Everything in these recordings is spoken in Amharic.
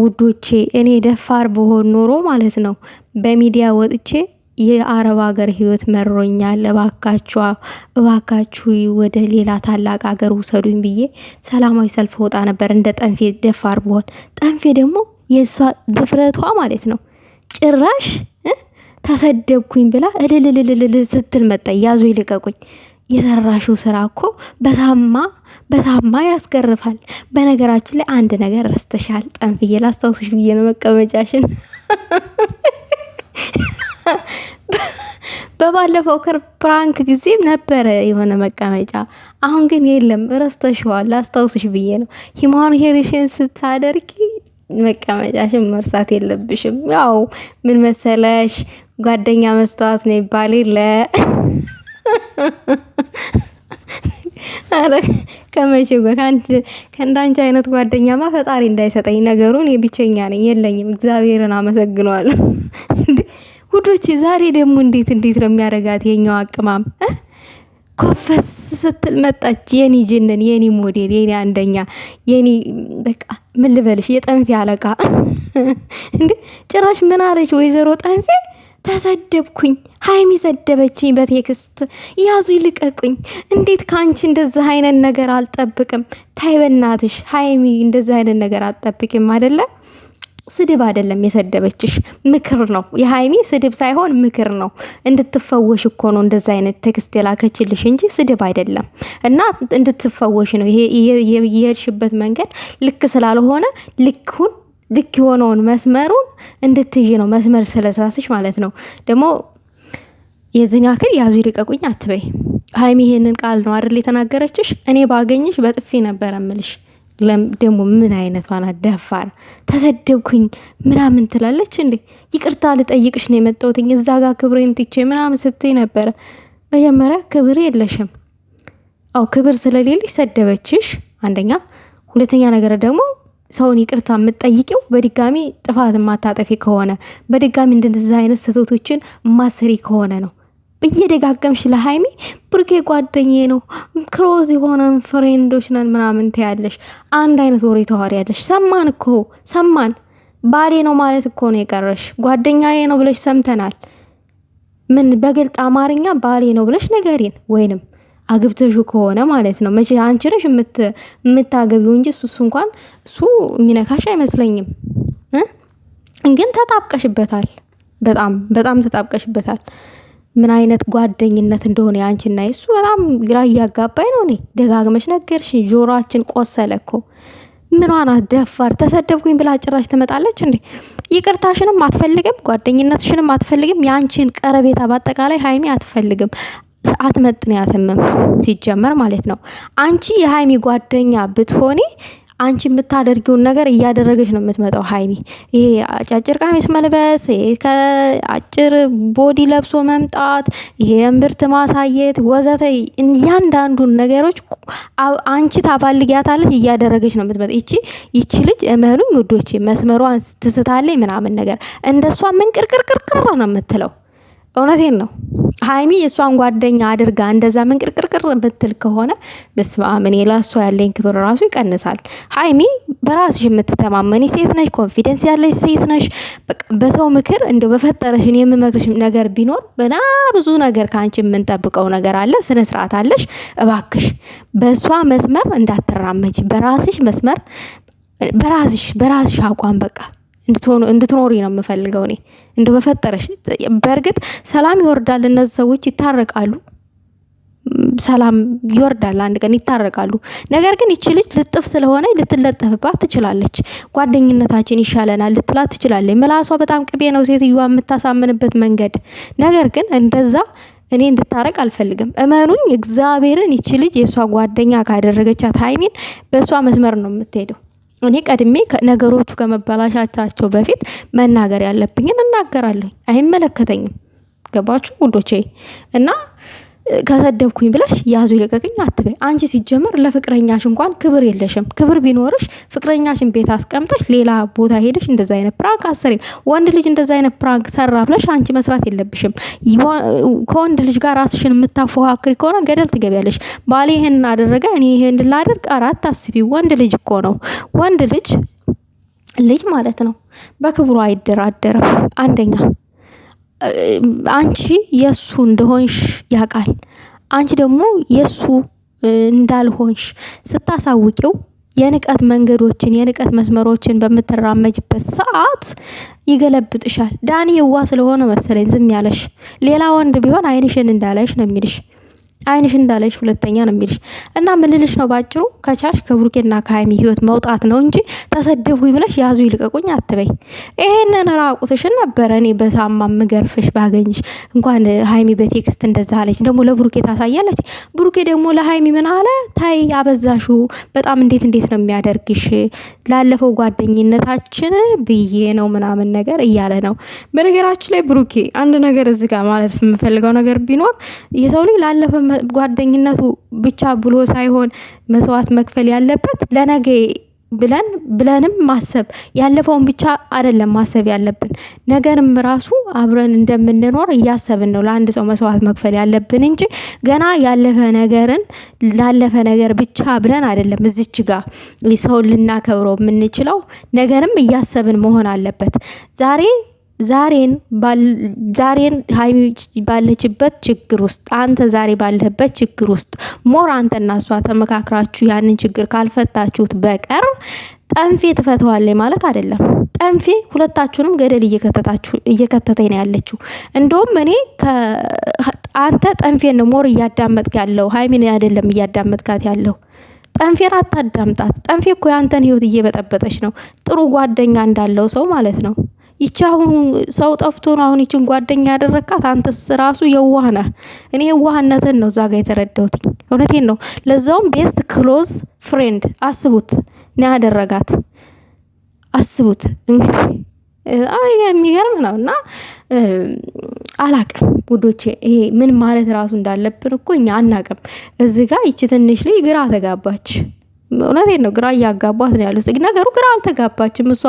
ውዶቼ እኔ ደፋር በሆን ኖሮ ማለት ነው በሚዲያ ወጥቼ የአረብ ሀገር ህይወት መሮኛል፣ እባካችሁ እባካችሁ ወደ ሌላ ታላቅ ሀገር ውሰዱኝ ብዬ ሰላማዊ ሰልፍ ወጣ ነበር እንደ ጠንፌ ደፋር ብሆን። ጠንፌ ደግሞ የእሷ ድፍረቷ ማለት ነው ጭራሽ ተሰደብኩኝ ብላ እልልልልልል ስትል መጣ ያዙ ይልቀቁኝ። የሰራሽው ስራ እኮ በታማ በታማ ያስገርፋል። በነገራችን ላይ አንድ ነገር ረስተሻል። ጠንፍዬ ላስታውስሽ ብዬ ነው መቀመጫሽን በባለፈው ክር ፕራንክ ጊዜም ነበረ የሆነ መቀመጫ፣ አሁን ግን የለም። ረስተሽዋል። ላስታውስሽ ብዬ ነው። ሂማን ሄሪሽን ስታደርጊ መቀመጫሽን መርሳት የለብሽም። ያው ምን መሰለሽ ጓደኛ መስተዋት ነው ይባል የለ አረ ከመቼ ከእንዳንቺ አይነት ጓደኛማ ፈጣሪ እንዳይሰጠኝ። ነገሩን የብቸኛ ነኝ የለኝም። እግዚአብሔርን አመሰግነዋል ውዶቼ ዛሬ ደግሞ እንዴት እንዴት ነው የሚያደርጋት የኛው አቅማም ኮፈስ ስትል መጣች። የኒ ጅንን፣ የኒ ሞዴል፣ የኒ አንደኛ፣ የኒ በቃ ምን ልበልሽ፣ የጠንፌ አለቃ እንዴ! ጭራሽ ምን አለች ወይዘሮ ጠንፌ ተሰደብኩኝ። ሀይሚ ሰደበችኝ በቴክስት ያዙ ይልቀቁኝ። እንዴት ከአንቺ እንደዚህ አይነት ነገር አልጠብቅም። ታይ በናትሽ ሀይሚ እንደዚህ አይነት ነገር አልጠብቅም አይደለም። ስድብ አይደለም የሰደበችሽ፣ ምክር ነው። የሀይሚ ስድብ ሳይሆን ምክር ነው። እንድትፈወሽ እኮ ነው እንደዚ አይነት ቴክስት የላከችልሽ እንጂ ስድብ አይደለም። እና እንድትፈወሽ ነው። የሄድሽበት መንገድ ልክ ስላልሆነ ልክሁን ልክ የሆነውን መስመሩን እንድትይ ነው። መስመር ስለሳስሽ ማለት ነው። ደግሞ የዚህን ያክል ያዙ ይልቀቁኝ አትበይ። ሀይሚ ይሄንን ቃል ነው አይደል የተናገረችሽ? እኔ ባገኝሽ በጥፊ ነበረ ምልሽ። ደግሞ ምን አይነቷ ናት ደፋር! ተሰደብኩኝ ምናምን ትላለች እንዴ! ይቅርታ ልጠይቅሽ ነው የመጣሁትኝ እዛ ጋር ክብሬን ትቼ ምናምን ስትይ ነበረ። መጀመሪያ ክብር የለሽም። አው ክብር ስለሌለሽ ሰደበችሽ፣ አንደኛ። ሁለተኛ ነገር ደግሞ ሰውን ይቅርታ የምትጠይቂው በድጋሚ ጥፋት የማታጠፊ ከሆነ በድጋሚ እንደዚህ አይነት ስህተቶችን ማሰሪ ከሆነ ነው። እየደጋገምሽ ለሀይሚ ብርጌ ጓደኛዬ ነው ክሮዝ የሆነ ፍሬንዶች ነን ምናምን ትያለሽ። አንድ አይነት ወሬ ታወሪያለሽ። ሰማን እኮ ሰማን። ባሌ ነው ማለት እኮ ነው የቀረሽ። ጓደኛዬ ነው ብለሽ ሰምተናል። ምን በግልጽ አማርኛ ባሌ ነው ብለሽ ነገሬን ወይንም አግብተሹ ከሆነ ማለት ነው። መቼ አንቺ ነሽ የምታገቢው እንጂ እሱ እንኳን እሱ የሚነካሽ አይመስለኝም። ግን ተጣብቀሽበታል። በጣም በጣም ተጣብቀሽበታል። ምን አይነት ጓደኝነት እንደሆነ የአንቺና እሱ በጣም ግራ እያጋባኝ ነው። እኔ ደጋግመሽ ነገርሽ፣ ጆሮአችን ቆሰለ እኮ። ምኗ ናት ደፋር? ተሰደብኩኝ ብላ ጭራሽ ትመጣለች እንዴ? ይቅርታሽንም አትፈልግም፣ ጓደኝነትሽንም አትፈልግም፣ የአንቺን ቀረቤታ በአጠቃላይ ሀይሚ አትፈልግም። አትመጥንያትም ሲጀመር ማለት ነው። አንቺ የሀይሚ ጓደኛ ብትሆኔ አንቺ የምታደርጊውን ነገር እያደረገች ነው የምትመጣው። ሀይሚ ይሄ አጫጭር ቀሚስ መልበስ፣ ይሄ ከአጭር ቦዲ ለብሶ መምጣት፣ ይሄ እምብርት ማሳየት ወዘተ፣ እያንዳንዱን ነገሮች አንቺ ታባልጊያታለች፣ እያደረገች ነው የምትመጣው። ይቺ ይቺ ልጅ እመኑኝ ውዶቼ፣ መስመሯን ትስታለች ምናምን ነገር እንደሷ ምን ነው የምትለው እውነቴን ነው። ሀይሚ የእሷን ጓደኛ አድርጋ እንደዛ ምንቅርቅርቅር ምትል ከሆነ ብስማም እኔ ለእሷ ያለኝ ክብር ራሱ ይቀንሳል። ሀይሚ በራስሽ የምትተማመኒ ሴት ነሽ፣ ኮንፊደንስ ያለሽ ሴት ነሽ። በሰው ምክር እንደ በፈጠረሽ እኔ የምመክርሽ ነገር ቢኖር በና ብዙ ነገር ከአንቺ የምንጠብቀው ነገር አለ። ስነ ስርዓት አለሽ። እባክሽ በእሷ መስመር እንዳትራመጅ፣ በራስሽ መስመር በራስሽ በራስሽ አቋም በቃ እንድትኖሪ ነው የምፈልገው እኔ እንደ በፈጠረሽ። በእርግጥ ሰላም ይወርዳል፣ እነዚህ ሰዎች ይታረቃሉ። ሰላም ይወርዳል፣ አንድ ቀን ይታረቃሉ። ነገር ግን ይቺ ልጅ ልጥፍ ስለሆነ ልትለጠፍባት ትችላለች። ጓደኝነታችን ይሻለናል ልትላት ትችላለች። ምላሷ በጣም ቅቤ ነው፣ ሴትዮዋ የምታሳምንበት መንገድ። ነገር ግን እንደዛ እኔ እንድታረቅ አልፈልግም። እመኑኝ እግዚአብሔርን ይቺ ልጅ የእሷ ጓደኛ ካደረገቻት ሀይሚን በእሷ መስመር ነው የምትሄደው። እኔ ቀድሜ ነገሮቹ ከመበላሻቻቸው በፊት መናገር ያለብኝን እናገራለሁ። አይመለከተኝም። ገባችሁ ውዶቼ እና ከሰደብኩኝ ብለሽ ያዙ ይለቀቅኝ አትበይ። አንቺ ሲጀመር ለፍቅረኛሽ እንኳን ክብር የለሽም። ክብር ቢኖርሽ ፍቅረኛሽን ቤት አስቀምጠሽ ሌላ ቦታ ሄደሽ እንደዛ አይነት ፕራንክ አሰሪም። ወንድ ልጅ እንደዛ አይነት ፕራንክ ሰራ ብለሽ አንቺ መስራት የለብሽም። ከወንድ ልጅ ጋር ራስሽን የምታፎካክሪ ከሆነ ገደል ትገቢያለሽ። ባሌ ይህን እናደረገ እኔ ይህን ላደርግ፣ አራት አታስቢ። ወንድ ልጅ እኮ ነው ወንድ ልጅ ልጅ ማለት ነው። በክብሩ አይደራደርም አንደኛ አንቺ የእሱ እንደሆንሽ ያውቃል። አንቺ ደግሞ የእሱ እንዳልሆንሽ ስታሳውቂው የንቀት መንገዶችን የንቀት መስመሮችን በምትራመጅበት ሰዓት ይገለብጥሻል። ዳኒ የዋ ስለሆነ መሰለኝ ዝም ያለሽ። ሌላ ወንድ ቢሆን አይንሽን እንዳለሽ ነው የሚልሽ። አይንሽ እንዳለሽ ሁለተኛ ነው የሚልሽ። እና ምልልሽ ነው ባጭሩ፣ ከቻሽ ከብሩኬና ከሀይሚ ህይወት መውጣት ነው እንጂ ተሰደፉኝ ብለሽ ያዙ ይልቀቁኝ አትበይ። ይሄንን ራቁትሽን ነበረ እኔ በሳማ ምገርፍሽ ባገኝሽ። እንኳን ሀይሚ በቴክስት እንደዛ አለች፣ ደግሞ ለብሩኬ ታሳያለች። ብሩኬ ደግሞ ለሀይሚ ምን አለ? ታይ አበዛሹ በጣም እንዴት እንዴት ነው የሚያደርግሽ ላለፈው ጓደኝነታችን ብዬ ነው ምናምን ነገር እያለ ነው። በነገራችን ላይ ብሩኬ አንድ ነገር እዚህ ጋር ማለት የምፈልገው ነገር ቢኖር የሰው ልጅ ላለፈ ጓደኝነቱ ብቻ ብሎ ሳይሆን መስዋዕት መክፈል ያለበት ለነገ ብለን ብለንም ማሰብ ያለፈውን ብቻ አይደለም ማሰብ ያለብን ነገርም ራሱ አብረን እንደምንኖር እያሰብን ነው ለአንድ ሰው መስዋዕት መክፈል ያለብን እንጂ ገና ያለፈ ነገርን ላለፈ ነገር ብቻ ብለን አይደለም እዚች ጋር ሰውን ልናከብረው የምንችለው ነገርም እያሰብን መሆን አለበት ዛሬ ዛሬን ዛሬን ሀይሚ ባለችበት ችግር ውስጥ አንተ ዛሬ ባለህበት ችግር ውስጥ ሞር አንተ እና እሷ ተመካክራችሁ ያንን ችግር ካልፈታችሁት በቀር ጠንፌ ትፈተዋለች ማለት አይደለም። ጠንፌ ሁለታችሁንም ገደል እየከተተኝ ነው ያለችው። እንደውም እኔ አንተ ጠንፌን ነው ሞር እያዳመጥክ ያለው፣ ሀይሚን አይደለም እያዳመጥካት ያለው። ጠንፌን አታዳምጣት። ጠንፌ እኮ የአንተን ህይወት እየበጠበጠች ነው፣ ጥሩ ጓደኛ እንዳለው ሰው ማለት ነው። ይቺ አሁን ሰው ጠፍቶ ነው አሁን ይችን ጓደኛ ያደረካት። አንተስ ራሱ የዋህ ነህ። እኔ የዋህነትን ነው እዛ ጋ የተረዳሁት። እውነቴን ነው። ለዛውም ቤስት ክሎዝ ፍሬንድ አስቡት ነው ያደረጋት። አስቡት እንግዲህ የሚገርም ነው እና አላቅም ውዶቼ፣ ይሄ ምን ማለት ራሱ እንዳለብን እኮ እኛ አናቅም። እዚህ ጋር ይቺ ትንሽ ልጅ ግራ ተጋባች። እውነቴን ነው። ግራ እያጋቧት ነው ያሉት ነገሩ። ግራ አልተጋባችም እሷ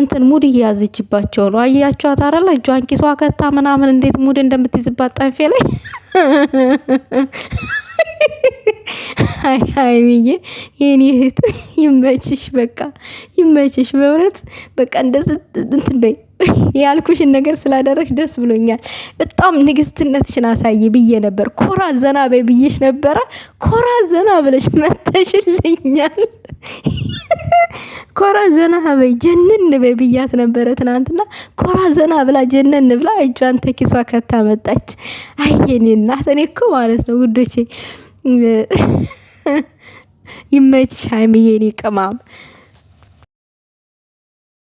እንትን ሙድ እያዘችባቸው ነው። አያችኋት አይደል? እጇን ኪሷ ከታ ምናምን እንዴት ሙድ እንደምትይዝባት ጠንፌ ላይ አይ ብዬ የኔ እህት ይመችሽ፣ በቃ ይመችሽ። በእውነት በቃ እንደዚህ እንትን በይ ያልኩሽን ነገር ስላደረግሽ ደስ ብሎኛል። በጣም ንግስትነትሽን አሳይ ብዬ ነበር። ኮራ ዘና በይ ብዬሽ ነበረ። ኮራ ዘና ብለሽ መተሽልኛል። ኮራ ዘና በይ ጀነን በይ ብያት ነበረ ትናንትና። ኮራ ዘና ብላ ጀነን ብላ እጇን ተኪሷ ከታ መጣች። አየኔ እናት እኔ እኮ ማለት ነው ጉዶቼ ይመችሽ ሀይሚዬ፣ የኔ ቅማም